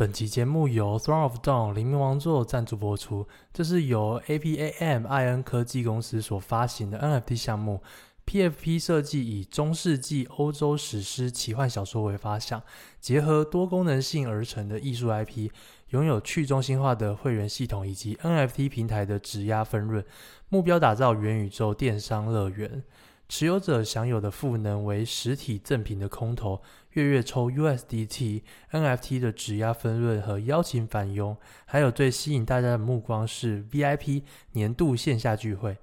本期節目由 Throne of Dawn 黎明王座贊助播出。這是由 APAM 愛恩科技公司所發行的 NFT 項目，PFP 設計以中世紀歐洲史詩奇幻小說為發想，結合多功能性而成的藝術 IP，擁有去中心化的會員系統以及 NFT 平台的質押分潤，目標打造元宇宙電商樂園。持有者享有的賦能為實體贈品的空投。月月抽 USDT NFT 的質押分潤和邀請返傭，還有最吸引大家的目光是 VIP 年度線下聚會。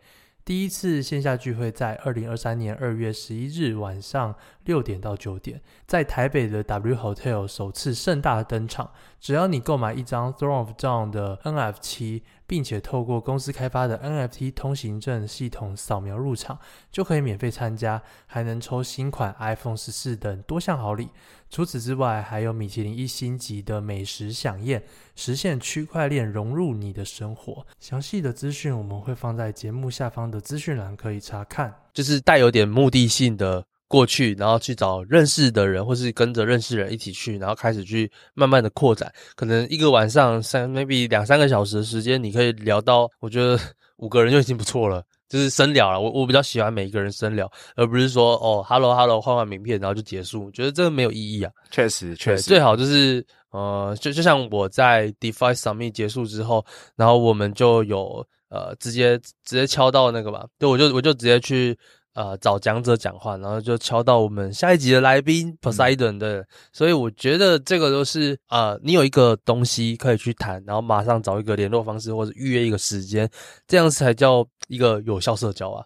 第一次線下聚會在二零二三年二月十一日晚上六點到九點，在台北的 W Hotel 首次盛大登場。只要你購買一張 Throne of d o w n 的 NFT。並且透過公司開發的 NFT 通行證系統掃描入場，就可以免費參加，還能抽新款 iPhone 十四等多項好禮。除此之外，還有米其林一星級的美食饗宴，實現區塊鏈融入你的生活。詳細的資訊我們會放在節目下方的資訊欄，可以查看。就是帶有點目的性的。過去，然後去找認識的人，或是跟着認識人一起去，然後開始去慢慢的擴展。可能一個晚上，三 maybe 兩三個小時的時間，你可以聊到，我覺得五個人就已經不錯了，就是深聊了。我我比較喜歡每一個人深聊，而不是說哦，hello hello，換換名片，然後就結束，覺得這個沒有意義啊。確實確實，最好就是呃，就就像我在 DeFi Summit 結束之後，然後我們就有呃，直接直接敲到那個吧，就我就我就直接去。呃、啊，找講者講話，然後就敲到我們下一集的來賓 Poseidon、嗯、的，所以我覺得這個都是啊，你有一個東西可以去談，然後馬上找一個聯絡方式或者預約一個時間，這樣才叫一個有效社交啊。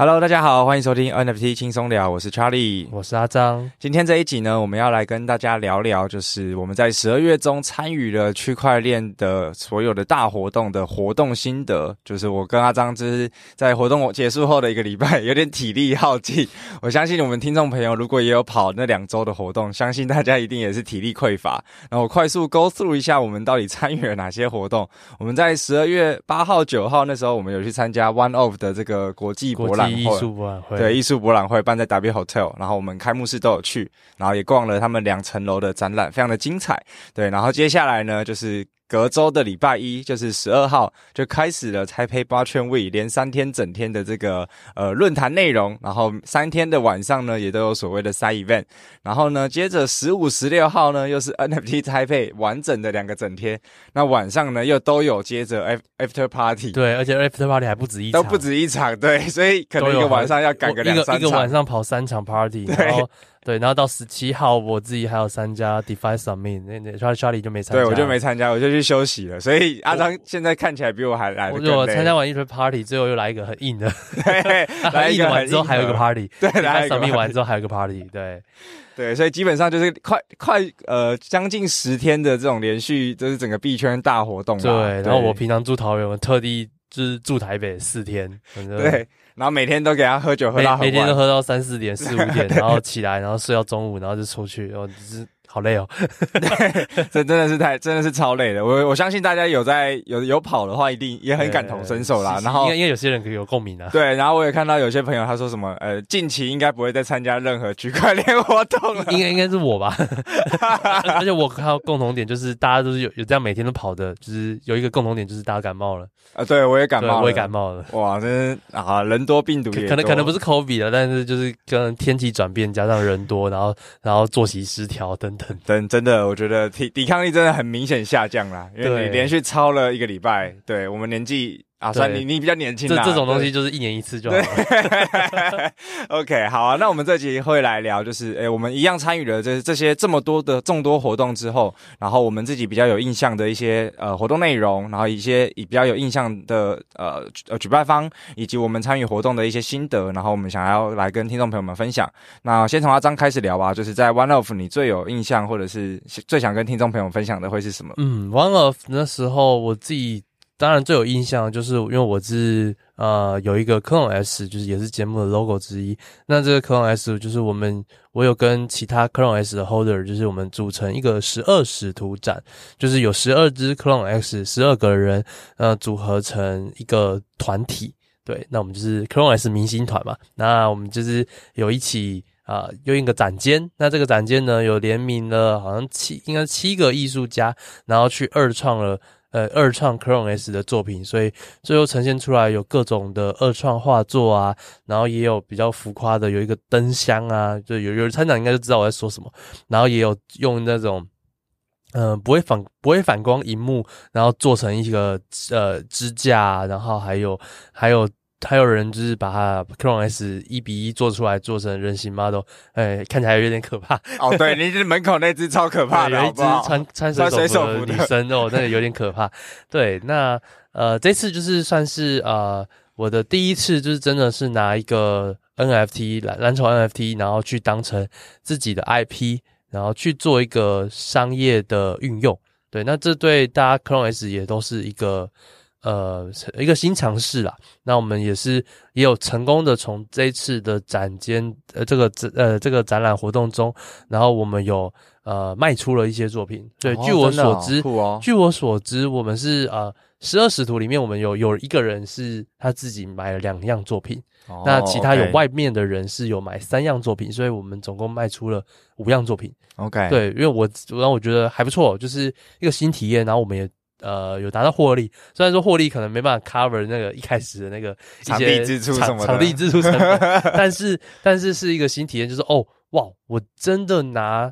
Hello，大家好，歡迎收聽 NFT 輕鬆聊，我是 Charlie，我是阿璋。今天這一集呢，我們要來跟大家聊聊，就是我們在十二月中參與了區塊鏈的所有的大活動的活動心得。就是我跟阿璋，之在活動結束後的一個禮拜， 有點體力耗盡。我相信我們聽眾朋友如果也有跑那兩周的活動，相信大家一定也是體力匱乏。那我快速 go through 一下，我們到底參與了哪些活動。我們在十二月八號、九號那時候，我們有去參加 One Off 的這個國際博覽藝術博覽會，對，藝術博覽會辦在 W Hotel，然後我們開幕式都有去，然後也逛了他們兩層樓的展覽，非常的精彩。對，然後接下來呢，就是。隔週的禮拜一就是十二號，就開始了拆配八圈位，連三天整天的這個呃論壇內容，然後三天的晚上呢也都有所謂的 s i e event，然後呢接着十五、十六號呢又是 NFT 拆配完整的兩個整天，那晚上呢又都有接着 after party，對，而且 after party 還不止一場，都不止一場，對，所以可能一個晚上要趕個兩三場一個，一個晚上跑三場 party，對。然後對，然後到十七號，我自己還有參加 Defi Summit，那那 Charlie 就沒參加，對，我就沒參加，我就去休息了。所以阿張現在看起來比我還來得累。我,我,就我參加完一輪 party，最後又來一個很硬的， 啊、來一個完之後還有一個 party，對，來一個完之後還有一個 party，對, 對。 對，所以基本上就是快快呃將近十天的這種連續，就是整個幣圈大活動對。對，然後我平常住桃園，我特地就是住台北四天，對。然後每天都給他喝酒，喝到喝每，每天都喝到三四點、 四五點，然後起來，然後睡到中午，然後就出去，然後就是。好累哦 對，這真的是太真的是超累的。我我相信大家有在有有跑的話，一定也很感同身受啦是是。然後因為有些人可以有共鳴的，對。然後我也看到有些朋友他說什麼，呃，近期應該不會再參加任何區塊鏈活動了。應該應該是我吧？哈哈哈，而且我看到共同點就是大家都是有有這樣每天都跑的，就是有一個共同點就是大家感冒了啊、呃。對我也感冒了，我也感冒了。哇，真啊，人多病毒多可能可能不是 COVID 了，但是就是跟天氣轉變加上人多，然後然後作息失調等。等真的，我覺得體抵抗力真的很明顯下降啦，因為你連續超了一個禮拜，對我們年紀。啊，算你你比較年輕，這這種東西就是一年一次就好。 OK，好啊，那我們這集會來聊，就是誒，我們一樣參與了，就是這些這麼多的眾多活動之後，然後我們自己比較有印象的一些呃活動內容，然後一些以比較有印象的呃呃舉，舉辦方，以及我們參與活動的一些心得，然後我們想要來跟聽眾朋友們分享。那先從阿璋開始聊吧，就是在 One Off 你最有印象，或者是最想跟聽眾朋友們分享的會是什麼？嗯，One Off 那時候我自己。當然最有印象的就是，因為我是呃有一個 Clone S，就是也是節目的 logo 之一。那這個 Clone S 就是我們，我有跟其他 Clone S 的 holder，就是我們組成一個十二使徒展，就是有十二隻 Clone S，十二個人，呃，組合成一個團體。對，那我們就是 Clone S 明星團嘛。那我們就是有一起啊、呃，用一個展間。那這個展間呢，有聯名了，好像七，應該是七個藝術家，然後去二創了。呃，二創 Chrome S 的作品，所以最後呈現出來有各種的二創畫作啊，然後也有比較浮誇的，有一個燈箱啊，就有有參展應該就知道我在說什麼，然後也有用那種，嗯、呃，不會反不會反光熒幕，然後做成一個呃支架，然後還有還有。還有人就是把它 CloneX 一比一做出來，做成人形 model，哎、欸，看起來有點可怕。哦、 oh，對，你就是門口那只超可怕的， 欸、一只穿穿水手服的女生哦，手服的 那有點可怕。對，那呃，這次就是算是呃我的第一次，就是真的是拿一個 NFT 藍藍籌 NFT，然後去當成自己的 IP，然後去做一個商業的運用。對，那這對大家 CloneX 也都是一個。呃，一個新嘗試啦。那我們也是也有成功的從這一次的展間呃、這個、呃這個展呃這個展覽活動中，然後我們有呃賣出了一些作品。對，哦、據我所知、哦哦，據我所知，我們是呃十二使徒裡面，我們有有一個人是他自己買了兩樣作品、哦，那其他有外面的人是有買三樣作品，哦 okay、所以我們總共賣出了五樣作品。OK，對，因為我讓我覺得還不錯，就是一個新體驗，然後我們也。呃，有達到獲利，雖然說獲利可能沒辦法 cover 那個一開始的那個場地支出什麼的場地支出成本，但是但是是一個新體驗，就是哦，哇，我真的拿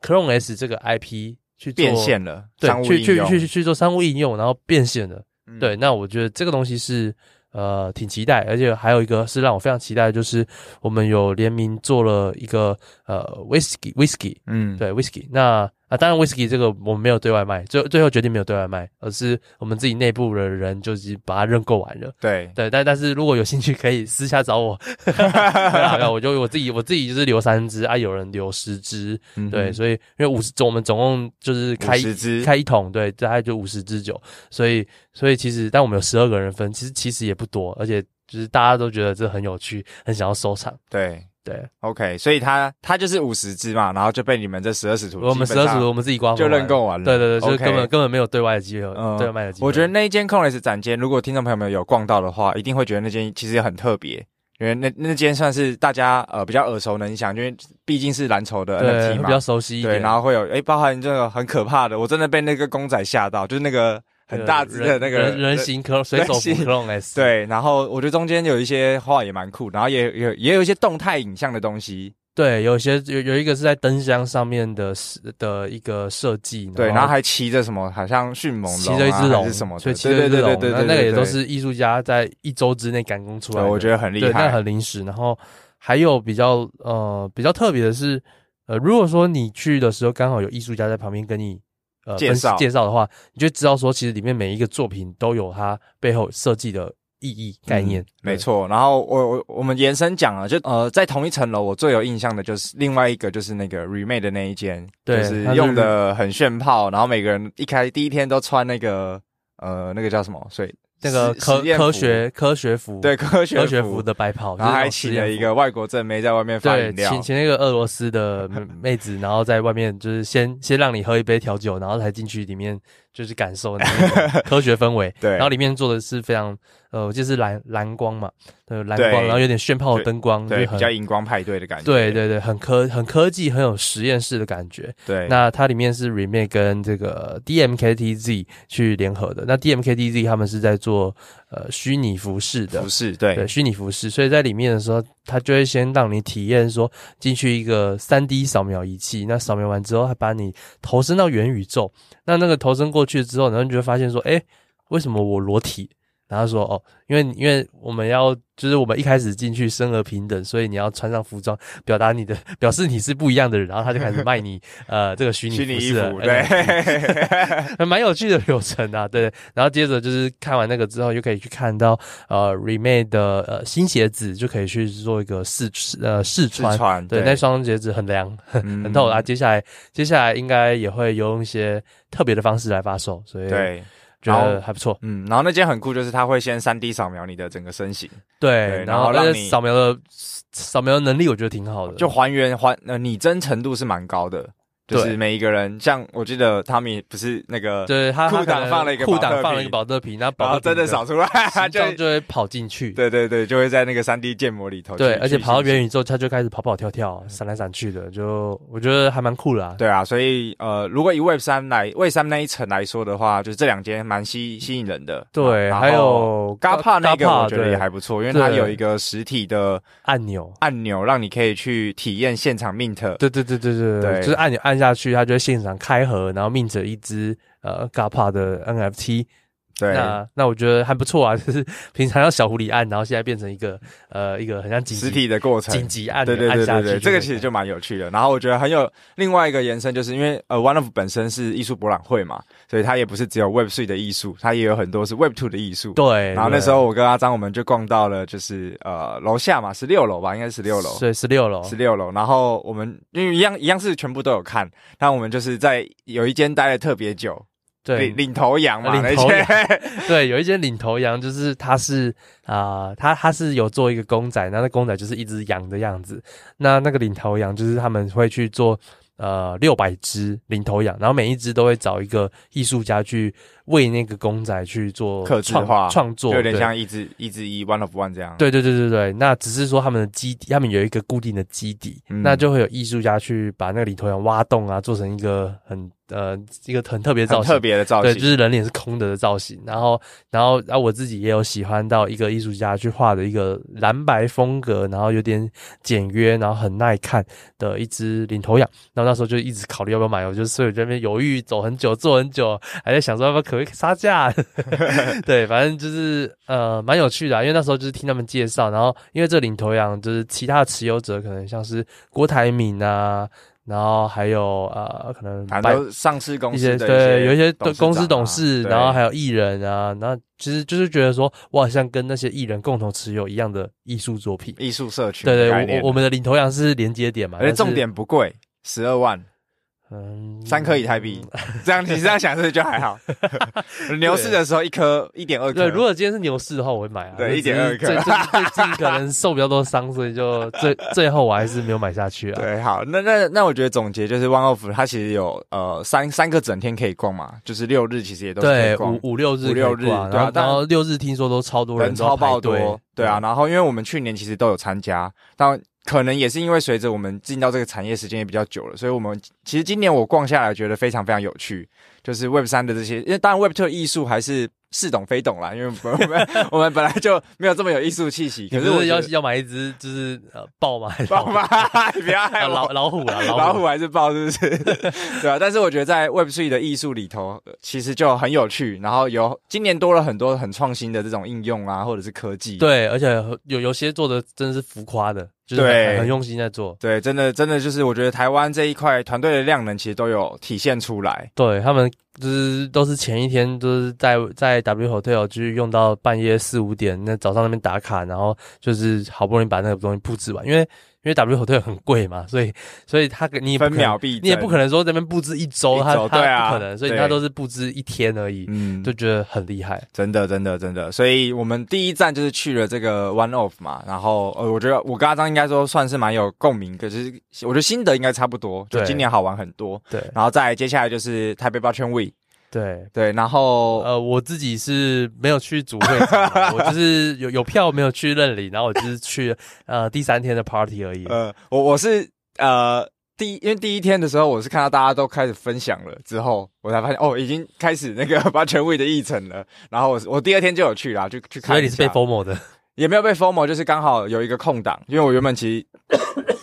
Chrome S 這個 IP 去做變現了，對，去去去去去做商務應用，然後變現了，嗯、對，那我覺得這個東西是呃挺期待，而且還有一個是讓我非常期待的，就是我們有聯名做了一個呃 whiskey whiskey，嗯，對 whiskey，那。啊，當然 w 士 i s k y 這個我們沒有對外賣，最最後決定沒有對外賣，而是我們自己內部的人就是把它認購完了。對對，但但是如果有興趣，可以私下找我。哈哈哈哈我就我自己我自己就是留三隻啊，有人留十隻、嗯。對，所以因為五十，我們總共就是開支開一桶，對，大概就五十支酒，所以所以其實，但我們有十二個人分，其實其實也不多，而且就是大家都覺得這很有趣，很想要收藏。對。對，OK，所以他他就是五十隻嘛，然後就被你們這十二使徒，我們十二使徒我們自己逛，就認購完了。了對，對對對，okay，就根本根本沒有對外的機會嗯，對外、外的機會。機。我覺得那一間 Converse 展間，如果聽眾朋友們有逛到的話，一定會覺得那間其實也很特別，因為那那間算是大家呃比較耳熟能詳，因為畢竟是藍籌的 NFT 嘛對，比較熟悉一點。對，然後會有哎，包含這個很可怕的，我真的被那個公仔嚇到，就是那個。很大隻的那個人人形可隨手可弄哎，對，然後我覺得中間有一些畫也蠻酷，然後也有也有一些動態影像的東西，對，有一些有有一個是在燈箱上面的的一個設計，對，然後還騎着什麼，好像迅猛龍騎着、啊、一隻龍是什麼，所以騎着對。一隻龍，那那個也都是藝術家在一周之內趕工出來的，我覺得很厲害，但很臨時。然後還有比較呃比較特別的是，呃，如果說你去的時候剛好有藝術家在旁邊跟你。呃、介紹介紹的話，你就知道說，其實裡面每一個作品都有它背後設計的意義概念。嗯、沒錯，然後我我我們延伸講了，就呃，在同一層樓，我最有印象的就是另外一個，就是那個 remake 的那一間對，就是用的很炫炮，然後每個人一開第一天都穿那個呃那個叫什麼水？所以那個科科學科學服，對，科學服科學服的白袍，然後還請了一個外國正妹在外面發飲料，對，請請那個俄羅斯的妹，妹子， 然後在外面就是先先讓你喝一杯調酒，然後才進去裡面。就是感受那個科學氛圍， 對，然後裡面做的是非常呃，就是藍藍光嘛，呃，藍光，然後有點炫炮的燈光，對，很，加熒光派對的感覺，對對對，很科很科技，很有實驗室的感覺，對。那它裡面是 remake 跟這個 d m k t z 去聯合的，那 d m k t z 他們是在做呃虛擬服飾的服飾，對，虛擬服飾，所以在裡面的時候，他就會先讓你體驗說進去一個三 D 掃描儀器，那掃描完之後，他把你投身到元宇宙，那那個投身過去。去之後，然後你就會發現說：“誒，為什麼我裸體？”然後說哦，因為因為我們要就是我們一開始進去生而平等，所以你要穿上服裝表達你的，表示你是不一樣的人。然後他就開始賣你 呃這個虛擬虛擬衣服，對，哎、 蠻有趣的流程啊，對。然後接着就是看完那個之後，就可以去看到呃 remade 的呃新鞋子，就可以去做一個試呃試穿，試穿，對，對，那雙鞋子很涼、嗯、很透。啊，接下來接下來應該也會用一些特別的方式來發售，所以。對覺得還不錯、哦，嗯，然後那間很酷，就是它會先 3D 掃描你的整個身形，對，對，然後那個掃描的掃描的能力，我覺得挺好的，好就還原還呃擬真程度是蠻高的。就是每一個人，像我記得湯米不是那個，對，他褲襠放了一個褲襠放了一個保特瓶，然後把它真的掃出來，這樣 就，就，就會跑進去。對對對，就會在那個三 D 建模裡頭去。對去，而且跑到元宇宙是是，他就開始跑跑跳跳，閃來閃去的，就我覺得還蠻酷啦、啊。對啊，所以呃，如果以 Web 三來 Web 三那一層來說的話，就是這兩間蠻吸吸引人的。對，還有 GAPA 那個我覺得也還不錯，因為它有一個實體的按鈕按鈕，讓你可以去體驗現場 Mint。對對對對對，對就是按鈕按。下去，他就會現場開盒，然後命着一隻呃，ga pa 的 NFT。對，那那我覺得還不錯啊，就是平常要小狐狸按，然後現在變成一個呃一個很像緊急，實體的過程，緊急按，對對對對，對，這個其實就蠻有趣的。然後我覺得很有另外一個延伸，就是因為呃，One-off 本身是藝術博覽會嘛，所以它也不是只有 Web Three 的藝術，它也有很多是 Web Two 的藝術。對。然後那時候我跟阿璋，我們就逛到了就是呃樓下嘛，16樓吧，應該是16樓，對16樓，16樓。然後我們因為一樣一樣是全部都有看，但我們就是在有一間待了特別久。對，領領頭羊嘛，領頭羊，對，有一些領頭羊就是他是啊、呃，他他是有做一個公仔，然後那公仔就是一隻羊的樣子，那那個領頭羊就是他們會去做呃六百隻領頭羊，然後每一隻都會找一個藝術家去。為那個公仔去做客製化，創作，有點像一隻一隻一 one of one 這樣。對，對對對對對，那只是說他們的基底，他們有一個固定的基底、嗯，那就會有藝術家去把那個領頭羊挖洞啊，做成一個很呃一個很特別的造型，很特別的造型，對，就是人臉是空的的造型。嗯、然後然後然後、啊、我自己也有喜歡到一個藝術家去畫的一個藍白風格，然後有點簡約，然後很耐看的一隻領頭羊。然後那時候就一直考慮要不要買，我就所以這邊猶豫走很久，坐很久，還在想說要不要可。會殺價，對，反正就是呃，蠻有趣的、啊，因為那時候就是聽他們介紹，然後因為這領頭羊就是其他的持有者，可能像是郭台銘啊，然後還有呃，可能還有上市公司的一些、啊、對，有一些公司董事，然後還有藝人啊，那其實就是覺得說哇，好像跟那些藝人共同持有一樣的藝術作品，藝術社群，對對，對我，我我們的領頭羊是連接點嘛，重點不貴，十二萬。嗯，三顆以太幣，這樣你是這樣想，這就還好。 對 牛市的時候一，一顆一點二。對，如果今天是牛市的話，我會買啊。對，一點二。最最近可能受比較多傷， 所以就最最後我還是沒有買下去啊。對，好，那那那我覺得總結就是 One Off 它其實有呃三三個整天可以逛嘛，就是六日其實也都可以，對可以逛，五五六日五六日，啊，對啊。然後六日聽說都超多人，啊、人超爆多。對啊，然後因為我們去年其實都有參加，可能也是因為隨着我們進到這個產業時間也比較久了，所以我們其實今年我逛下來覺得非常非常有趣，就是 Web 三的這些，因為當然 Web 2的藝術還是。似懂非懂啦，因為我們我們本來就沒有這麼有藝術氣息。 可是我要要買一隻，就是呃，豹嗎？還是豹嗎？不要、 啊，老虎啊，老虎，老虎還是豹？是不是？ 對啊。但是我覺得在 Web3 的藝術裡頭，其實就很有趣。然後有今年多了很多很創新的這種應用啊，或者是科技。對，而且有有些做的真的是浮誇的，就是很，對很用心在做。對，真的真的就是我覺得台灣這一塊團隊的量能其實都有體現出來。對他們。就是都是前一天都是在在 W Hotel 去用到半夜四五點，那早上那邊打卡，然後就是好不容易把那個東西布置完，因為。因為 W Hotel 很貴嘛，所以所以他給你分秒必爭，你也不可能說這邊布置一周，一周他他不可能、啊，所以他都是布置一天而已，嗯，就覺得很厲害，真的真的真的，所以我們第一站就是去了這個 One Off 嘛，然後呃，我覺得我跟阿璋應該說算是蠻有共鳴，可是我覺得心得應該差不多，就今年好玩很多，對，對，然後再來接下來就是台北幣圈 week。對對，然後呃，我自己是沒有去主會場哈， 我就是有有票沒有去認領，然後我就是去 呃第三天的 party 而已。呃，我我是呃第，因為第一天的時候我是看到大家都開始分享了之後，我才發現哦，已經開始那個完全位的議程了。然後我我第二天就有去了，就去看。所以你是被 FOMO 的，也沒有被 FOMO，就是剛好有一個空檔，因為我原本其實。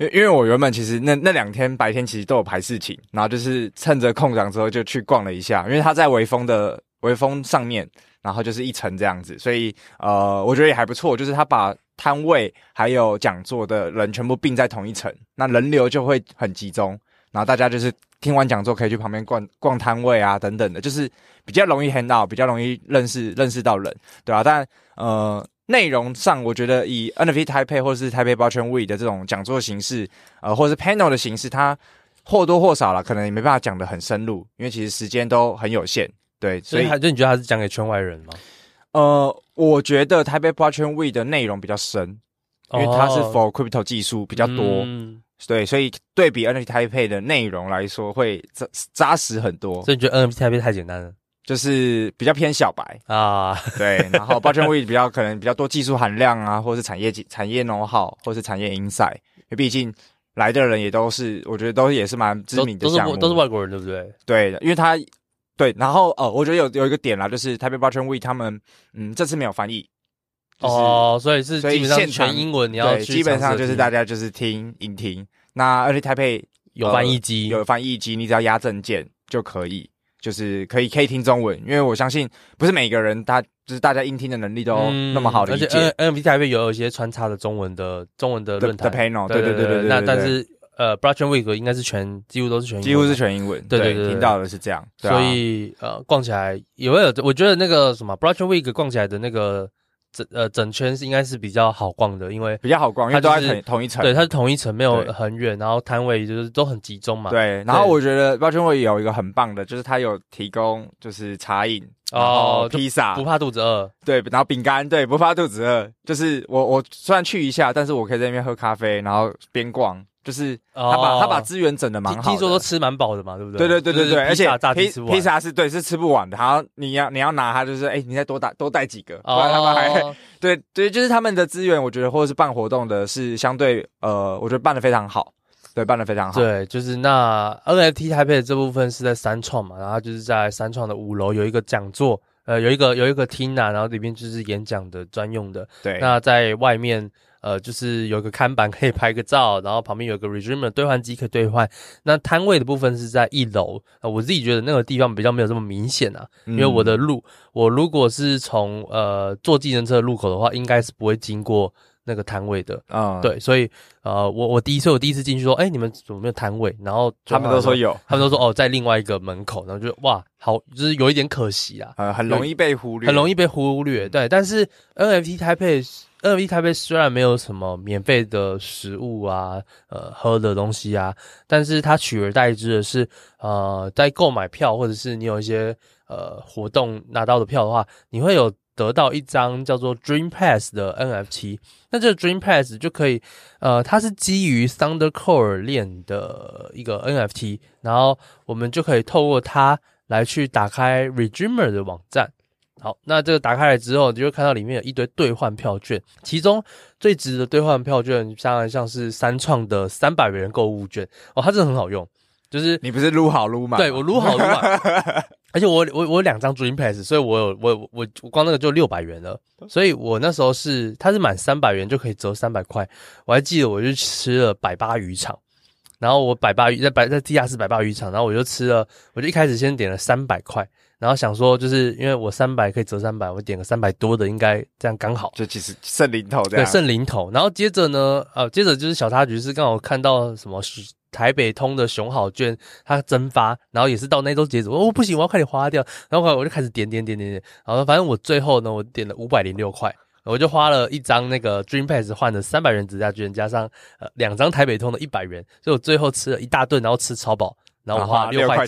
因因為我原本其實那那兩天白天其實都有排事情，然後就是趁着空檔之後就去逛了一下。因為他在微風的微風上面，然後就是一層這樣子，所以呃，我覺得也還不錯。就是他把攤位還有講座的人全部並在同一層，那人流就會很集中，然後大家就是聽完講座可以去旁邊逛逛攤位啊等等的，就是比較容易 handle，比較容易認識認識到人，對啊？但呃。內容上，我覺得以 NFT Taipei 或是台北 Blockchain Week 的這種講座形式，呃，或者是 Panel 的形式，它或多或少啦，可能也沒辦法講得很深入，因為其實時間都很有限，對。所以，所以他就你覺得它是講給圈外人嗎？呃，我覺得台北 Blockchain Week 的內容比較深，因為它是 For Crypto 技術比較多，oh, 對。所以對比 NFT Taipei 的內容來說，會扎扎實很多。所以你覺得 NFT Taipei 太簡單了？就是比較偏小白啊，對，然後 Blockchain Week 比較可能比較多技術含量啊， 或是產業、產業 know-how，或是產業 insight，因為畢竟來的人也都是，我覺得都也是蠻知名的項目都都是，都是外國人對不對？對，因為他對，然後呃，我覺得有有一個點啦，就是台北 Blockchain Week 他們，嗯，這次沒有翻譯、就是、哦，所以是基本上全英文，你要去對基本上就是大家就是聽影聽，那而且台北有翻譯機，有翻譯機、呃，你只要押證件就可以。就是可以可以聽中文，因為我相信不是每個人他就是大家英聽的能力都那麼好的、嗯。而且、N、NFT 還會有一些穿插的中文的中文的論壇的 panel 對對對對，對，對，對，對，對，對，那但是呃 Blockchain Week 應該是全幾乎都是全英文，幾乎是全英文。對對對，對，對，聽到的是這樣。對啊、所以呃，逛起來也會有，我覺得那個什麼 Blockchain Week 逛起來的那個。整呃整圈是應該是比較好逛的，因為比較好逛，因為它都在它、就是、同一層，對，它是同一層，沒有很遠，然後攤位就是都很集中嘛。對，然後我覺得八春會有一個很棒的，就是它有提供就是茶飲，pizza, 哦，披薩，不怕肚子餓。對，然後餅乾，對，不怕肚子餓。就是我我雖然去一下，但是我可以在那邊喝咖啡，然後邊逛。就是他把、oh, 他把資源整得蠻好。聽說都吃蠻飽的嘛，對不對？對對對對對，就是、Pizza, 而且披薩是，對是吃不完的。好，你要你要拿他，就是哎、欸，你再多帶多帶幾個。拜、oh. 對對，就是他們的資源，我覺得或者是辦活動的是相對呃，我覺得辦的非常好。對，辦的非常好。對，就是那 NFT Taipei 這部分是在三創嘛，然後就是在三創的五樓有一個講座，呃，有一個有一個廳吶，然後裡面就是演講的專、嗯、用的。對，那在外面。呃，就是有個看板可以拍個照，然後旁邊有個 resume 兌換機可以兌換。那攤位的部分是在一樓，啊、呃，我自己覺得那個地方比較沒有這麼明顯啊、嗯，因為我的路，我如果是從呃坐計程車的路口的話，應該是不會經過。那個攤位的啊，嗯、對，所以呃，我我第一次我第一次進去說，哎、欸，你們有沒有攤位？然後，他們，然後他們都說有，他們都說哦，在另外一個門口。然後就哇，好，就是有一點可惜啊，呃，很容易被忽略，很容易被忽略。對，但是 NFT 台北、嗯、NFT 台北雖然沒有什麼免費的食物啊，呃，喝的東西啊，但是它取而代之的是，呃，在購買票或者是你有一些呃活動拿到的票的話，你會有。得到一張叫做 Dream Pass 的 NFT。那這個 Dream Pass 就可以，呃，它是基於 Thunder Core 鏈的一個 NFT，然後我們就可以透過它來去打開 ReDreamer 的網站。好，那這個打開來之後，你就會看到裡面有一堆兌換票券，其中最值得兌換票券，相當像是三創的三百元購物券哦，它真的很好用，就是你不是擼好擼嗎？對我擼好擼嘛 而且，我我我有兩張 Dream Pass，所以我有我我，我光那個就六百元了。所以我那時候是，它是滿三百元就可以折三百塊。我還記得，我就吃了百八魚場，然後我百八魚在百在地下室百八魚場，然後我就吃了，我就一開始先點了三百塊，然後想說就是因為我三百可以折三百，我點個三百多的應該這樣剛好，就其實剩零頭這樣，對，剩零頭。然後接着呢，呃，接着就是小插曲是剛好看到什麼台北通的熊好券，它蒸發，然後也是到那周截止。哦，不行，我要快點花掉。然後我就開始點點點點點。然後反正我最後呢，我點了五百零六塊，我就花了一張那個 Dream Pass 換的三百元指價券，加上呃兩張台北通的一百元。所以我最後吃了一大頓，然後吃超飽，然後我花六塊、啊、六塊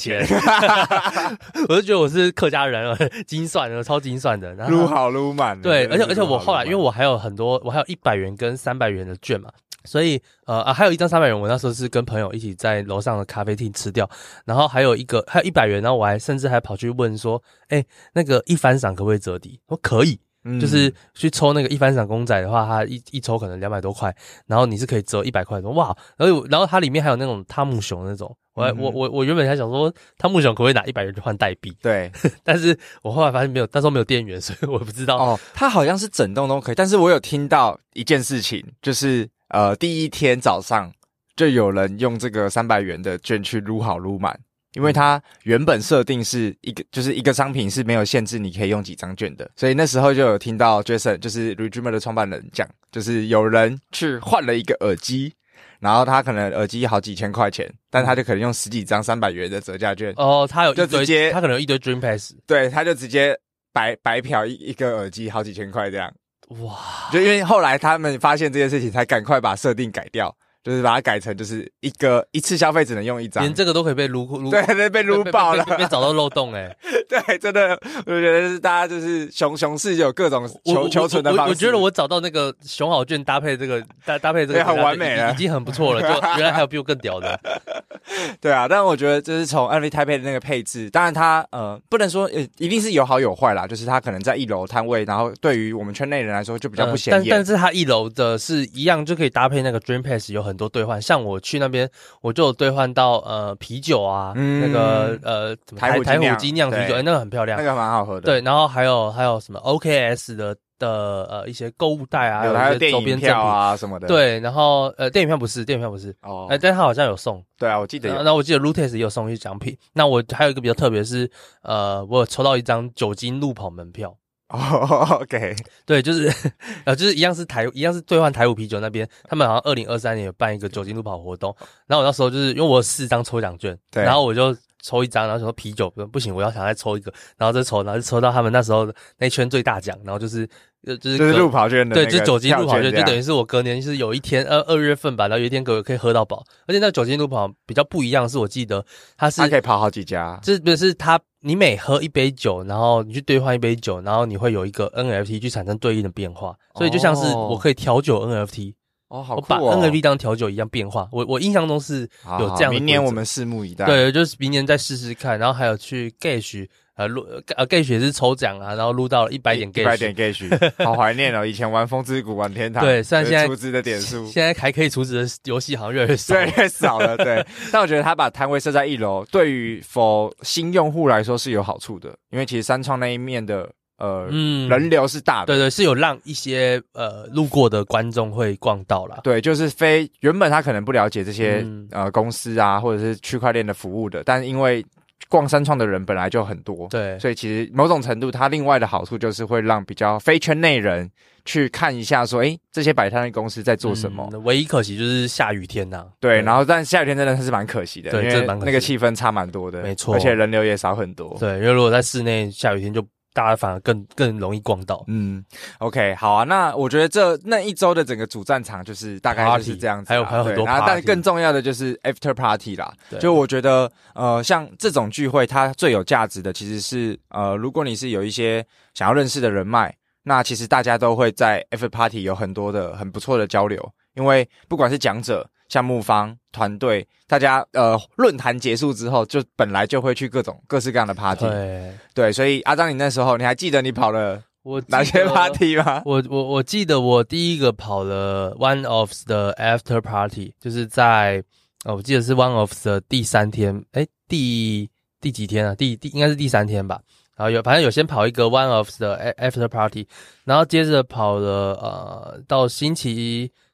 錢。 我就覺得我是客家人了，精算的，超精算的。嚕好嚕滿。對，入入而且而且我後來，因為我還有很多，我還有一百元跟三百元的券嘛。所以，呃啊，還有一張三百元，我那時候是跟朋友一起在樓上的咖啡廳吃掉，然後還有一個，還有一百元，然後我還甚至還跑去問說，哎、欸，那個一番賞可不可以折抵？說可以、嗯，就是去抽那個一番賞公仔的話，它一一抽可能兩百多塊，然後你是可以折一百塊。說哇，然後然後它裡面還有那種湯姆熊那種，我還嗯嗯我我我原本還想說湯姆熊可不可以拿一百元去換代幣？對， 但是我後來發現沒有，那時候沒有電源，所以我不知道。哦，它好像是整棟都可以，但是我有聽到一件事情，就是。呃，第一天早上就有人用這個三百元的券去擼好擼滿，因為他原本設定是一個，就是一個商品是沒有限制你可以用幾張券的，所以那時候就有聽到 Jason 就是 RE:DREAMER 的創辦人講，就是有人去換了一個耳機，然後他可能耳機好幾千塊錢，但他就可能用十幾張三百元的折價券。哦，他有就直接他可能有一堆 Dream Pass，對，他就直接白白嫖一一個耳機好幾千塊這樣。哇，就因為後來他們發現這件事情，才趕快把設定改掉。就是把它改成就是一個一次消費只能用一張，連這個都可以被擼擼，對被被擼爆了，沒找到漏洞，哎、欸， 對，真的我覺得就是大家就是熊熊市有各種求求存的方式。我覺得我找到那個熊好券搭配這個搭搭配這個，這個很完美啊， 已經很不錯了。就，原來還有比我更屌的， 對啊。但我覺得就是從 NFT Taipei 的那個配置，當然它呃不能說、呃、一定是有好有壞啦，就是它可能在一樓攤位，然後對於我們圈內人來說就比較不顯眼、呃，但是它一樓的是一樣就可以搭配那個 Dream Pass 有很。很多兌換，像我去那邊，我就有兌換到呃啤酒啊，嗯、那個呃什麼台台虎精釀啤酒，哎、欸，那個很漂亮，那個蠻好喝的。對，然後還有還有什麼 OKS 的的呃一些購物袋啊，有的還有周邊獎啊什麼的。對，然後呃電影票不是，電影票不是哦，哎、欸，但他好像有送。對啊，我記得有。那我記得 Lootex 也有送一些獎品。那我還有一個比較特別，是呃我有抽到一張酒精路跑門票。哦、oh，OK，對，就是呃，就是一樣是台一樣是兌換台五啤酒那邊，他們好像二零二三年有辦一個酒精路跑活動，然後我那時候就是因為我有四張抽獎券，對，然後我就。抽一張，然後說啤酒不行，我要想再抽一個，然後再抽，然後就抽到他們那時候那一圈最大獎，然後就是是就是路、就是、跑圈的圈，對，就是酒精路跑圈，圈就等於是我隔年就是有一天，呃，二月份吧，然後有一天可以可以喝到飽，而且那酒精路跑比較不一樣，是我記得它是它可以跑好幾家，這、就、不、是就是它，你每喝一杯酒，然後你去兌換一杯酒，然後你會有一個 NFT 去產生對應的變化，所以就像是我可以調酒 NFT，哦。哦，好酷哦。我把 N 個 V 當調酒一樣變化。我我印象中是有這樣的、啊。明年我們拭目以待。對，就是明年再試試看。然後還有去 Gash 呃，錄呃 Gash 也是抽獎啊，然後錄到了一百點 Gash。一百點 Gash，好懷念哦！ 以前玩風之谷、玩天堂，對，雖然現在、就是、儲值的點數，現在還可以儲值的遊戲好像越來越少，對，越少了。對， 但我覺得他把攤位設在一樓，對於否新用戶來說是有好處的，因為其實三創那一面的。呃，嗯，人流是大的，對對，是有讓一些呃路過的觀眾會逛到了，對，就是非原本他可能不了解這些、嗯、呃公司啊，或者是區塊鏈的服務的，但因為逛三創的人本來就很多，對，所以其實某種程度它另外的好處就是會讓比較非圈內人去看一下，說，哎，這些擺攤的公司在做什麼、嗯？唯一可惜就是下雨天吶、啊，對，然後但下雨天真的是蠻可惜的，對。那個氣氛差蠻多的，沒錯，而且人流也少很多，對，因為如果在室內下雨天就。大家反而更更容易逛到，嗯，OK，好啊。那我覺得這那一周的整個主戰場就是大概就是這樣子，party, 還有還有很多、party。然但更重要的就是 After Party 啦對。就我覺得，呃，像這種聚會，它最有價值的其實是，呃，如果你是有一些想要認識的人脈，那其實大家都會在 After Party 有很多的很不錯的交流，因為不管是講者。項目方團隊，大家呃，論壇結束之後，就本來就會去各種各式各樣的 party。對，對，所以阿璋，你那時候你還記得你跑了、嗯、我哪些 party 嗎？我我我記得我第一個跑了 One Off 的 after party，就是在、哦、我記得是 One Off 的第三天，誒，第第幾天啊？第第應該是第三天吧？然後有反正有先跑一個 One Off 的 after party，然後接着跑了呃到星期一。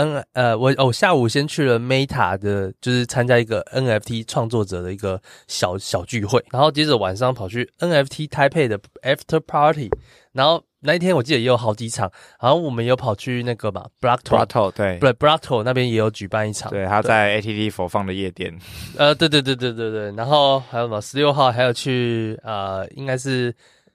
N、嗯、呃，我哦，我下午先去了 Meta 的，就是參加一個 NFT 創作者的一個小小聚會，然後接着晚上跑去 NFT Taipei 的 After Party，然後那一天我記得也有好幾場，然後我們有跑去那個嘛 Bratto 對，不 Bratto 那邊也有舉辦一場，對，他在 ATT 4 FUN 的夜店，呃，對對對對對對，然後還有嘛，十六號還要去呃，應該是。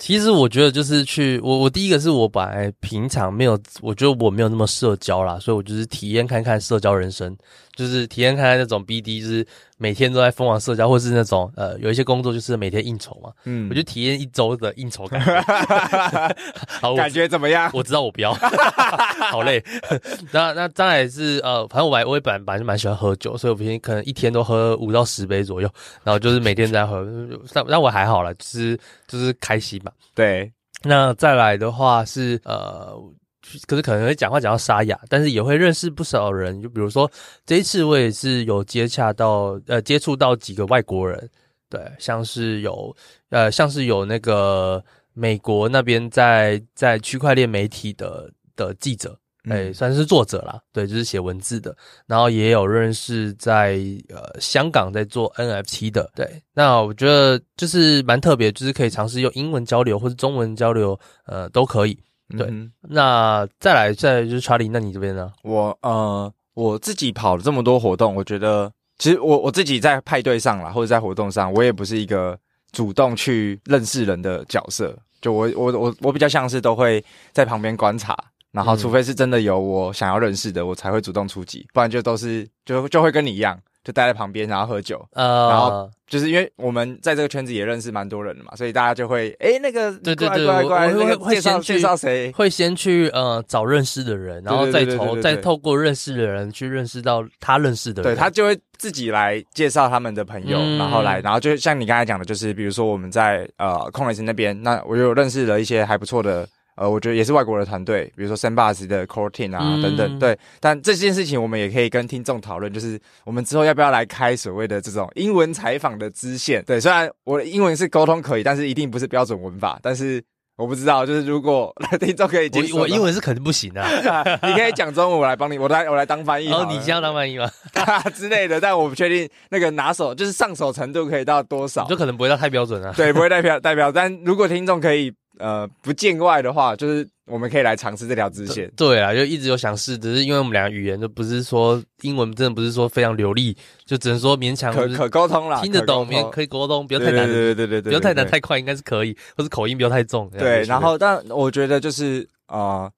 其實我覺得就是去我，我第一個是我本來平常沒有，我覺得我沒有那麼社交啦，所以我就是體驗看看社交人生。就是體驗看看那種 BD，就是每天都在瘋狂社交，或者是那種呃，有一些工作就是每天應酬嘛。嗯，我就體驗一周的應酬感， 感覺怎麼樣？我，我知道我不要， 好累。 那那當然是呃，反正我我也本來本來就蠻喜歡喝酒，所以我平時，可能一天都喝五到十杯左右，然後就是每天在喝。讓 但，但我還好了，就是就是開心嘛。對，那再來的話是呃。可是可能會講話講到沙啞，但是也會認識不少人。就比如說這一次，我也是有接洽到呃接觸到幾個外國人，對，像是有呃像是有那個美國那邊在在區塊鏈媒體的的記者，哎、嗯，算是作者啦，對，就是寫文字的。然後也有認識在呃香港在做 NFT 的，對。那我覺得就是蠻特別，就是可以嘗試用英文交流或者中文交流，呃，都可以。嗯、對，那再來再來就是查理，那你這邊呢？我呃，我自己跑了這麼多活動，我覺得其實我我自己在派對上啦，或者在活動上，我也不是一個主動去認識人的角色。就我我我我比較像是都會在旁邊觀察，然後除非是真的有我想要認識的，我才會主動出擊，不然就都是就就會跟你一樣。就待在旁邊，然後喝酒，呃，然後就是因為我們在這個圈子也認識蠻多人的嘛，所以大家就會，哎，那個乖乖乖乖，對對對，我我會會會、那個、先去介紹誰？會先去呃找認識的人，然後再投，再透過認識的人去認識到他認識的人，對，他就會自己來介紹他們的朋友，嗯，然後來，然後就像你剛才講的，就是比如說我們在呃空雷神那邊，那我就有認識了一些還不錯的。呃，我覺得也是外國的團隊，比如說 Sandbox 的 Core Team 啊等等、嗯，對。但這件事情我們也可以跟聽眾討論，就是我們之後要不要來開所謂的這種英文採訪的支線？對，雖然我的英文是溝通可以，但是一定不是標準文法。但是我不知道，就是如果聽眾可以接，我我英文是肯定不行的、啊 啊。你可以講中文，我來幫你，我來我來當翻譯。哦，你先當翻譯嗎？哈 之類的，但我不確定那個拿手就是上手程度可以到多少，就可能不會到太標準啊。對，不會代表代表，但如果聽眾可以。呃，不見外的話，就是我們可以來嘗試這條直線。對啊，就一直有想試，只是因為我們兩個語言就不是說英文，真的不是說非常流利，就只能說勉強可可溝通了，聽得懂，可，可以溝通，不要太難，不要太難太快，應該是可以，或是口音不要太重。對，然後但我覺得就是啊。呃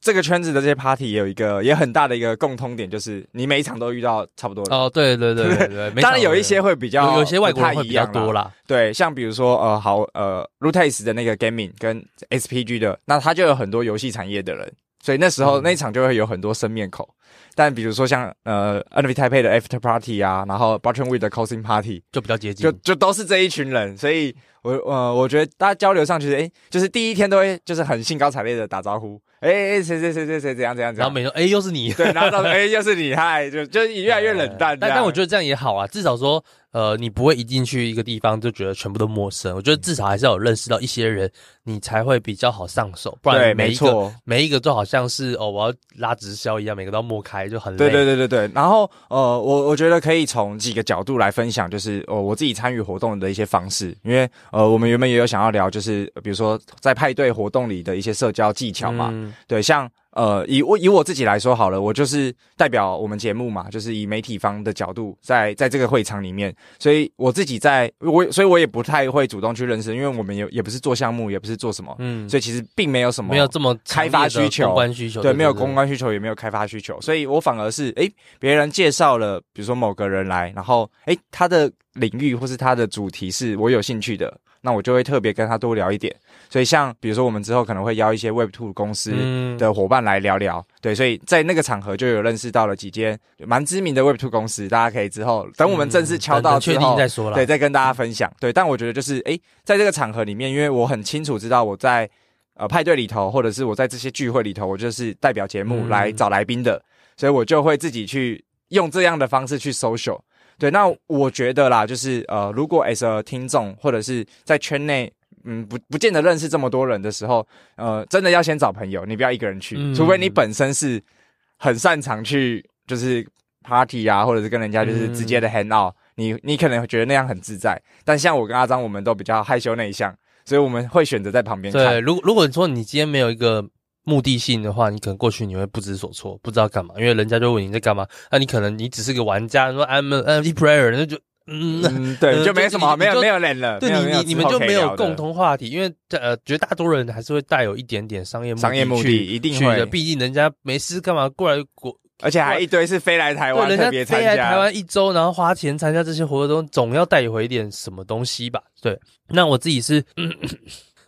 這個圈子的這些 party 有一個也很大的一個共通點，就是你每一場都遇到差不多哦，對對對對對。 當然有一些會比較有，有些外國人會比較多啦、啦對，像比如說呃，好呃 Lootex 的那個 gaming 跟 S P G 的，那他就有很多遊戲產業的人，所以那時候、嗯、那一場就會有很多生面孔。但比如說像呃，NFT Taipei 的 After Party 啊，然後 Blockchain Week 的 Closing Party 就比較接近、呃，就就都是這一群人，所以我呃我覺得大家交流上去，誒，就是第一天都會就是很興高采烈的打招呼。哎、欸，誰誰誰誰誰怎樣怎樣，怎樣然、欸？然後每次說，哎、欸、又是你，對， 然後他說哎又是你，嗨，就就越來越冷淡但。但但我覺得這樣也好啊，至少說。呃，你不會一進去一個地方就覺得全部都陌生，我覺得至少還是有認識到一些人，你才會比較好上手。不然每一個，對，沒錯。每一個每一個都好像是哦，我要拉直銷一樣，每個都要摸開，就很累。對對對對對。然後，呃，我我覺得可以從幾個角度來分享，就是哦、呃，我自己參與活動的一些方式，因為呃，我們原本也有想要聊，就是比如說在派對活動裡的一些社交技巧嘛，嗯、對，像。呃，以我以我自己來說好了，我就是代表我們節目嘛，就是以媒體方的角度在，在在這個會場裡面，所以我自己在我，所以我也不太會主動去認識，因為我們也也不是做項目，也不是做什麼，嗯，所以其實並沒有什麼沒有這麼開發需求，公關需求，對，沒有公關需求，也沒有開發需求，是不是？所以我反而是，哎、欸，別人介紹了，比如說某個人來，然後，哎、欸，他的領域或是他的主題是我有興趣的，那我就會特別跟他多聊一點。所以，像比如說，我們之後可能會邀一些 Web Two 公司的夥伴來聊聊。嗯，對，所以在那個場合就有認識到了幾間蠻知名的 Web Two 公司，大家可以之後等我們正式敲到之後、嗯、正正確定再說了，對，再跟大家分享。對，但我覺得就是，誒，在這個場合裡面，因為我很清楚知道我在呃派對裡頭，或者是我在這些聚會裡頭，我就是代表節目來找來賓的，嗯、所以我就會自己去用這樣的方式去 social。對，那我覺得啦，就是呃，如果 as a 聽眾，或者是在圈內。嗯，不不見得認識這麼多人的時候，呃，真的要先找朋友，你不要一個人去，嗯、除非你本身是很擅長去，就是 party 啊，或者是跟人家就是直接的 hang out，嗯、你你可能會覺得那樣很自在。但像我跟阿璋，我們都比較害羞內向，所以我們會選擇在旁邊。對，如如果說你今天沒有一個目的性的話，你可能過去你會不知所措，不知道幹嘛，因為人家就問你在幹嘛，那、啊、你可能你只是個玩家，說 I'm an NFT player 那就。嗯對。對，嗯、就沒有什麼好，沒有沒有人了。對，你你你們就沒有共同話題，因為呃，絕大多數人還是會帶有一點點商業目的商業目的，一定會去的。畢竟人家沒事幹嘛過來過，而且還一堆是飛來台灣特別參加，人家飛來台灣一周，然後花錢參加這些活動，總要帶回一點什麼東西吧？對，那我自己是，嗯嗯、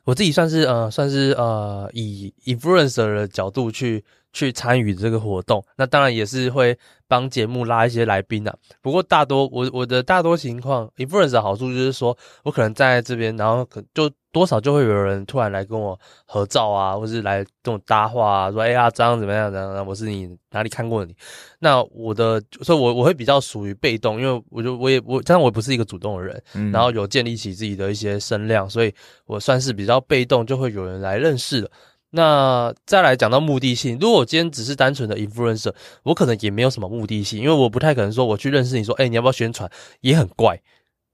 我自己算是呃，算是呃，以 influencer 的角度去。去參與這個活動，那當然也是會幫節目拉一些來賓的、啊。不過大多我我的大多情況，influencer 的好處就是說，我可能站在這邊，然後可就多少就會有人突然來跟我合照啊，或是來跟我搭話啊，說哎呀張怎麼樣,樣,樣，然後我是你哪裡看過你？那我的，所以我我會比較屬於被動，因為我就我也我，當然我也不是一個主動的人、嗯，然後有建立起自己的一些聲量，所以我算是比較被動，就會有人來認識的。那再來講到目的性，如果我今天只是單純的 influencer，我可能也沒有什麼目的性，因為我不太可能說我去認識你，說，哎、欸，你要不要宣傳，也很怪，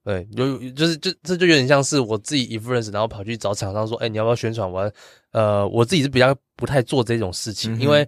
對，就就是這這就有點像是我自己 influencer，然後跑去找廠商說，哎、欸，你要不要宣傳我，呃，我自己是比較不太做這種事情，嗯、因為。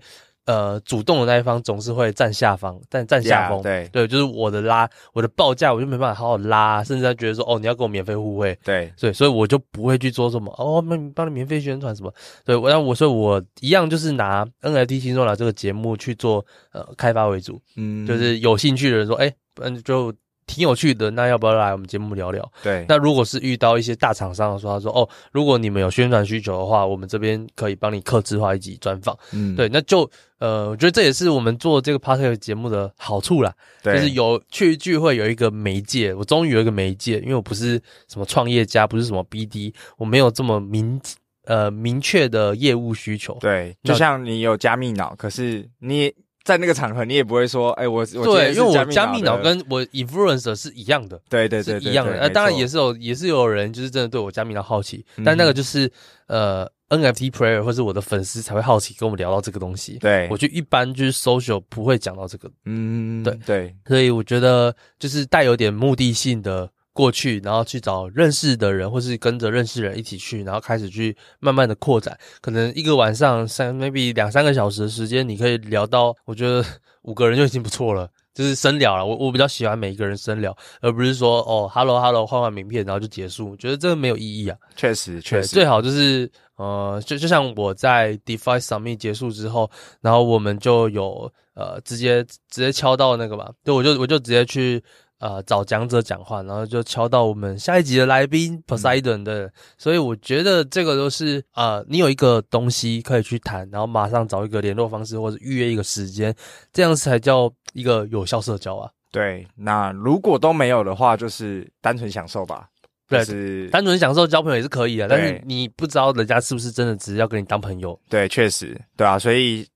呃，主動的那一方總是會占下風，但占下風，yeah，對對，就是我的拉，我的報價我就沒辦法好好拉，甚至他覺得說，哦，你要給我免費互惠，對對，所以我就不會去做什麼，哦，你幫你免費宣傳什麼，對我，那我說我，我，我一樣就是拿 NFT 輕鬆聊這個節目去做呃開發為主，嗯，就是有興趣的人說，哎，嗯，就。挺有趣的，那要不要來我們節目聊聊？對，那如果是遇到一些大廠商說，他說哦，如果你們有宣傳需求的話，我們這邊可以幫你客制化以及專訪。嗯，對，那就呃，我覺得這也是我們做這個 podcast 節目的好處啦。對，就是有去聚會有一個媒介，我終於有一個媒介，因為我不是什麼創業家，不是什麼 BD，我沒有這麼明呃明確的業務需求。對，就像你有加密腦，可是你。在那個場合，你也不會說，哎、欸，我我對，因為我加密腦跟我 influencer 是一樣的，對對，對對對，是一樣的。呃，當然也是有，也是有人就是真的對我加密腦好奇、嗯，但那個就是呃，NFT player 或是我的粉絲才會好奇，跟我們聊到這個東西。對，我就一般就是 social 不會講到這個。嗯，對對，所以我覺得就是帶有點目的性的。過去，然後去找認識的人，或是跟着認識人一起去，然後開始去慢慢的擴展。可能一個晚上，三 maybe 兩三個小時的時間，你可以聊到，我覺得五個人就已經不錯了，就是深聊了。我我比較喜歡每一個人深聊，而不是說哦 hello，hello hello，換換名片，然後就結束，我覺得這個沒有意義啊。確實確實，最好就是呃，就就像我在 DeFi Summit 結束之後，然後我們就有呃，直接直接敲到那個嘛，對，我就我就直接去。呃，找講者講話，然後就敲到我們下一集的來賓 Poseidon、嗯、的，所以我覺得這個都、就是呃，你有一個東西可以去談，然後馬上找一個聯絡方式或者預約一個時間，這樣才叫一個有效社交啊。對，那如果都沒有的話，就是單純享受吧。就是、對，是，單純享受交朋友也是可以的，但是你不知道人家是不是真的只是要跟你當朋友。對，確實，對啊，所以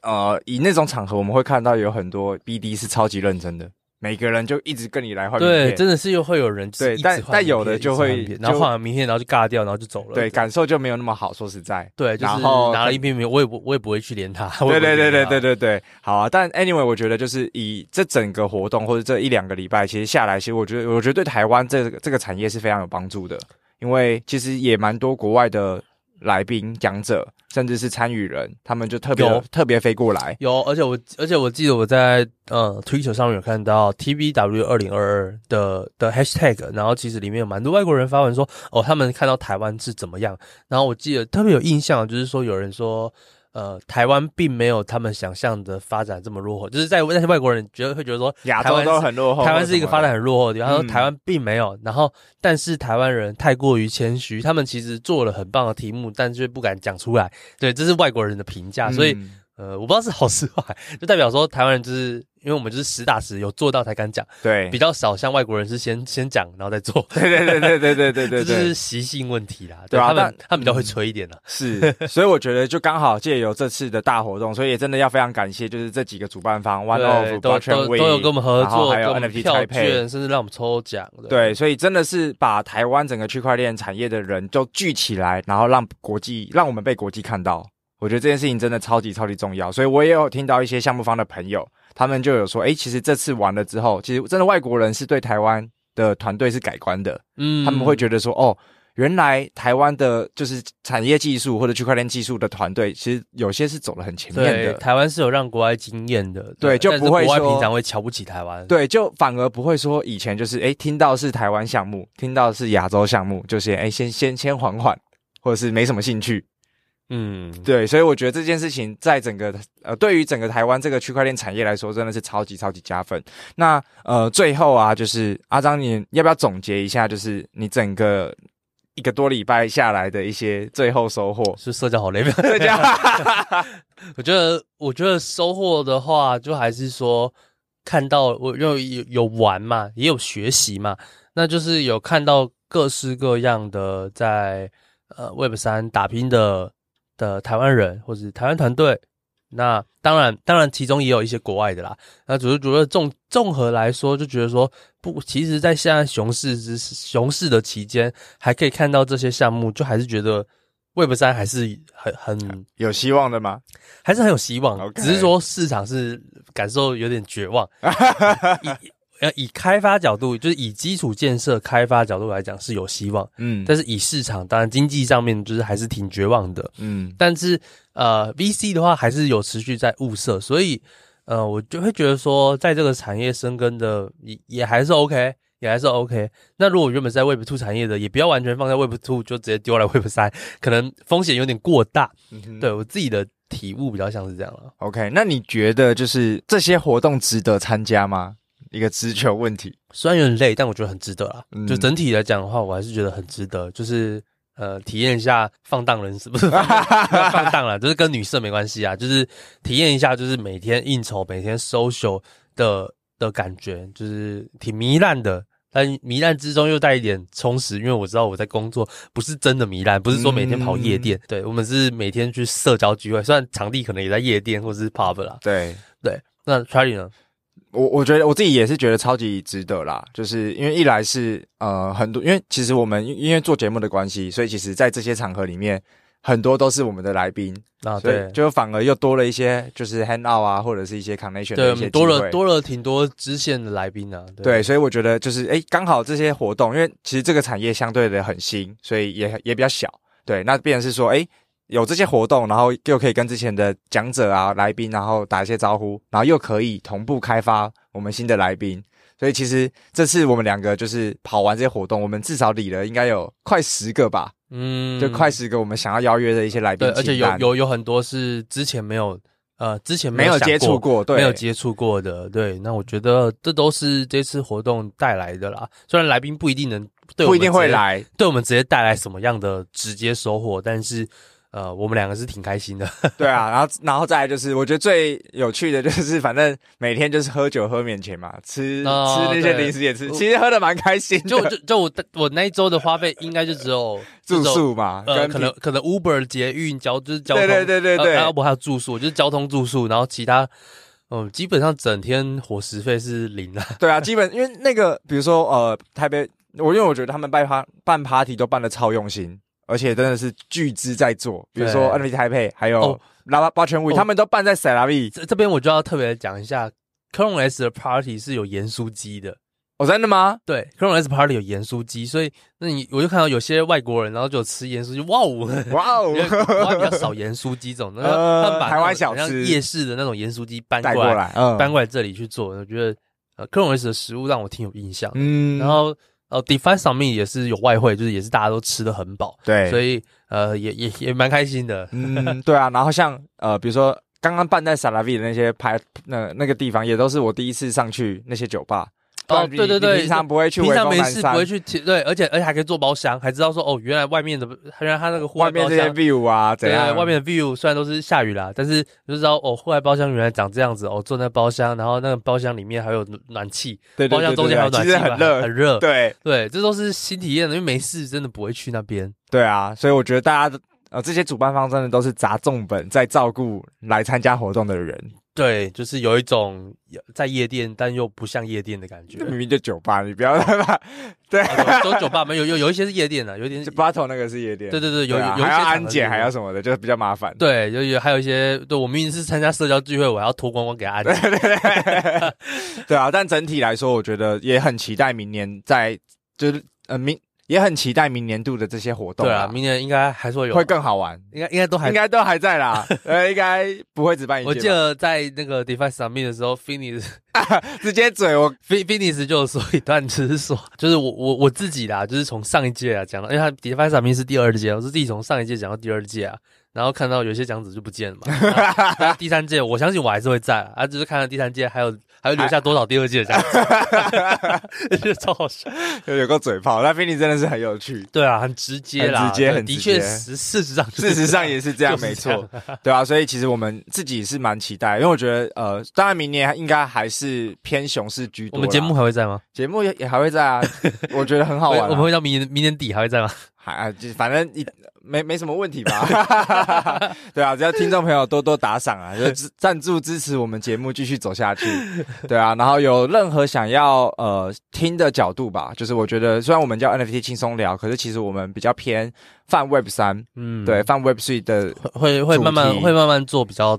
呃，以那種場合，我們會看到有很多 BD 是超級認真的。每個人就一直跟你來換名片，對，真的是又會有人對，但但有的就會就然後換了名片然後就尬掉，然後就走了對，對，感受就沒有那麼好，說實在，對，然後就是拿了一片名片，我也不我也不會去連他，對對對對對對對，好啊，但 anyway，我覺得就是以這整個活動或者這一兩個禮拜其實下來，其實我覺得我覺得對台灣這個這個產業是非常有幫助的，因為其實也蠻多國外的來賓講者。甚至是參與人，他們就特別、yeah. 特別飛過來。有，而且我而且我記得我在嗯 Twitter 上面有看到 TBW 2022的的 hashtag，然後其實裡面有蠻多外國人發文說，哦，他們看到台灣是怎麼樣。然後我記得特別有印象，就是說有人說。呃，台灣並沒有他們想象的發展這麼落後，就是在那些外國人覺得會覺得說台，台灣都很落後，台灣是一個發展很落後的地方。嗯、他說台灣並沒有，然後但是台灣人太過於謙虛，他們其實做了很棒的題目，但卻不敢講出來。對，這是外國人的評價，所以、嗯、呃，我不知道是好是壞，就代表說台灣人就是。因為我們就是實打實有做到才敢講，對，比較少像外國人是先先講然後再做，對對對對對對對對， 這就是習性問題啦，對啊，對他們他們比較會吹一點啦。是，所以我覺得就剛好借由這次的大活動， 所以也真的要非常感謝，就是這幾個主辦方，One Off、Blockchain Week，都有都有跟我們合作，然後還有 NFT Taipei，甚至讓我們抽獎的，對，所以真的是把台灣整個區塊鏈產業的人都聚起來，然後讓國際讓我們被國際看到，我覺得這件事情真的超級超級重要，所以我也有聽到一些項目方的朋友。他們就有說，哎、欸，其實這次完了之後，其實真的外國人是對台灣的團隊是改觀的。嗯，他們會覺得說，哦，原來台灣的就是產業技術或者區塊鏈技術的團隊，其實有些是走得很前面的。對，台灣是有讓國外驚艷的，對，對，就不會說，國外平常會瞧不起台灣。對，就反而不會說以前就是，哎、欸，聽到是台灣項目，聽到是亞洲項目，就先，哎、欸，先先先緩緩，或者是沒什麼興趣。嗯，對，所以我覺得這件事情在整個呃，對於整個台灣這個區塊鏈產業來說，真的是超級超級加分。那呃，最後啊，就是阿璋，你要不要總結一下？就是你整個一個多禮拜下來的一些最後收穫？是社交好累嗎？ 我覺得，我覺得收穫的話，就還是說看到我又有有玩嘛，也有學習嘛，那就是有看到各式各樣的在呃 Web 三打拼的。的台灣人或者台灣團隊，那當然當然，其中也有一些國外的啦。那主要主要綜綜合來說，就覺得說不，其實，在現在熊市之熊市的期間，還可以看到這些項目，就還是覺得 Web 3還是很很有希望的嗎？還是很有希望。Okay。只是說市場是感受有點絕望。 呃，以開發角度，就是以基礎建設開發角度來講是有希望，嗯，但是以市場當然經濟上面就是還是挺絕望的，嗯，但是呃，VC 的話還是有持續在物色，所以呃，我就會覺得說，在這個產業深耕的也也還是 OK，也還是 OK。那如果原本是在 Web Two 產業的，也不要完全放在 Web Two，就直接丟來 Web 三，可能風險有點過大。嗯哼。對我自己的體悟比較像是這樣了。OK，那你覺得就是這些活動值得參加嗎？一個直球問題，雖然有點累，但我覺得很值得啦。嗯、就整體來講的話，我還是覺得很值得，就是呃，體驗一下放蕩人是不是放蕩了， 就是跟女色沒關係啊，就是體驗一下，就是每天應酬、每天 social 的的感覺，就是挺糜爛的，但糜爛之中又帶一點充實，因為我知道我在工作不是真的糜爛，不是說每天跑夜店，嗯、對，我們是每天去社交聚會，雖然場地可能也在夜店或是 pub 啦。對對，那 Charlie 呢？我我覺得我自己也是覺得超級值得啦，就是因為一來是呃很多，因為其實我們因為做節目的關係，所以其實，在這些場合裡面，很多都是我們的來賓啊，對，就反而又多了一些就是 hand out 啊，或者是一些 connection 的一些機會。對，多了多了挺多之前的來賓啊對。對，所以我覺得就是誒，剛好這些活動，因為其實這個產業相對的很新，所以也也比較小，對，那變成是說誒、欸有這些活動，然後又可以跟之前的講者啊、來賓，然後打一些招呼，然後又可以同步開發我們新的來賓。所以其實這次我們兩個就是跑完這些活動，我們至少理了應該有快十個吧，嗯，就快十個我們想要邀約的一些來賓。而且有有有很多是之前沒有，呃，之前沒有接觸過，沒有接觸過，對，沒有接觸過的。對，那我覺得這都是這次活動帶來的啦。雖然來賓不一定能對我們，不一定會來，對我們直接帶來什麼樣的直接收穫，但是。呃，我們兩個是挺開心的。對啊，然後然後再來就是，我覺得最有趣的就是，反正每天就是喝酒喝免錢嘛，吃、哦、吃那些零食也吃，其實喝的蠻開心的。就就就我我那一周的花費應該就只有、呃、住宿嘛，呃、可能可能 Uber 捷運、交就是交通對對對對對，啊、然後不然還有住宿，就是交通住宿，然後其他嗯，基本上整天伙食費是零的。對啊，基本因為那個比如說呃，台北，我因為我覺得他們辦趴辦 party 都辦的超用心。而且真的是巨資在做，比如說 NFT Taipei 還有、哦、拉拉八全 V，他們都辦在 Salavi、哦、這這邊，我就要特別講一下。 Cronos 的 Party 是有鹽酥雞的，哦，真的嗎？對，Cronos Party 有鹽酥雞，所以那你我就看到有些外國人，然後就吃鹽酥雞，就哇哦哇哦，我還、哦、 比較少鹽酥雞這種， 那他們把台灣小吃、呃、像夜市的那種鹽酥雞搬過來，過來、嗯，搬過來這裡去做，我覺得、呃、Cronos 的食物讓我挺有印象。嗯，然後。哦，DeFi Summit 也是有外燴，就是也是大家都吃得很飽，對，所以呃也也也蠻開心的，嗯，對啊。然後像呃，比如說剛剛辦在 Salavi 的那些趴那那個地方，也都是我第一次上去那些酒吧。哦，對對對，平常不會去，平常沒事不會去，對，而且而且還可以坐包廂，還知道說哦，原來外面的，原來他那個戶外包廂外面這些 view 啊，怎樣？對啊，外面的 view 雖然都是下雨啦，但是就知道哦，戶外包廂原來長這樣子，哦，坐那包廂，然後那個包廂裡面還有暖氣，對對，對，對，對，對，包廂中間還有暖氣，對對對對對，其實很熱，很，很熱，對對，這都是新體驗的，因為沒事真的不會去那邊，對啊，所以我覺得大家。啊、哦，這些主辦方真的都是砸重本在照顧來參加活動的人。對，就是有一種在夜店，但又不像夜店的感覺。明明就酒吧，你不要對，都是酒吧嘛。有有有一些是夜店的、啊，有一點是。是巴 t 那個是夜店、啊。對對對，有還、啊、有，有一還安檢還要什麼的，就是比較麻煩。對，有有還有一些，對我明明是參加社交聚會，我要拖光光給他安檢。對對，對，對, 對啊，但整體來說，我覺得也很期待明年在，就是呃明。也很期待明年度的這些活動、啊。對啊，明年應該還會有，會更好玩。應該應該都還應該都還在啦。呃， 應該不會只辦一次。我記得在那個 DeFi Summit 的時候，Finis、啊、直接嘴我，Fin Finis 就有說一段，只是說，就是我我我自己啦，就是從上一屆啊講到，因為他 DeFi Summit 是第二屆，我是自己從上一屆講到第二屆啊，然後看到有些講者就不見了嘛。 啊、第三屆，我相信我還是會在啊，就是看到第三屆還有。還會留下多少第二季的嘉賓？哈哈哈哈哈！超好笑，有有個嘴炮，那 Vinny 真的是很有趣。對啊，很直接啦，很直接，很直接的確，實事實上，事實上也是這樣，就是、這樣沒錯。對啊，所以其實我們自己也是蠻期待的，因為我覺得，呃，當然明年應該還是偏熊市居多。我們節目還會在嗎？節目也也還會在啊， 我覺得很好玩、啊。我們會到明年明年底還會在嗎？還啊，就反正一沒沒什麼問題吧，哈哈哈，對啊，只要聽眾朋友多多打賞啊，就贊助支持我們節目繼續走下去，對啊，然後有任何想要呃聽的角度吧，就是我覺得雖然我們叫 NFT 輕鬆聊，可是其實我們比較偏泛 Web 3，嗯，對，泛 Web 3的會會慢慢會慢慢做比較。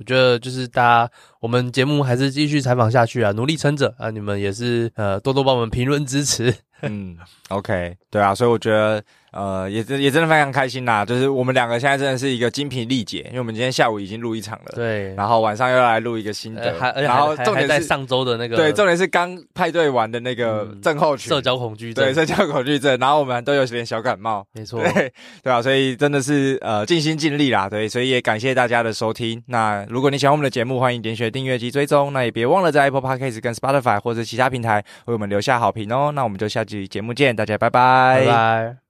我覺得就是大家，我們節目還是繼續採訪下去啊，努力撐着啊！你們也是呃，多多幫我們評論支持嗯。嗯，OK，對啊，所以我覺得。呃，也真也真的非常開心啦。就是我們兩個現在真的是一個精疲力竭，因為我們今天下午已經錄一場了，對，然後晚上又來錄一個新的，欸、還然後重點在上周的那個，對，重點是剛派對完的那個症候群、嗯，社交恐懼症，對，社交恐懼症，然後我們都有點小感冒，沒錯，對對啊，所以真的是呃盡心盡力啦，對，所以也感謝大家的收聽。那如果你喜歡我們的節目，歡迎點選訂閱及追蹤，那也別忘了在 Apple Podcast 跟 Spotify 或者其他平台為我們留下好評哦、喔。那我們就下集節目見，大家拜、拜，拜拜。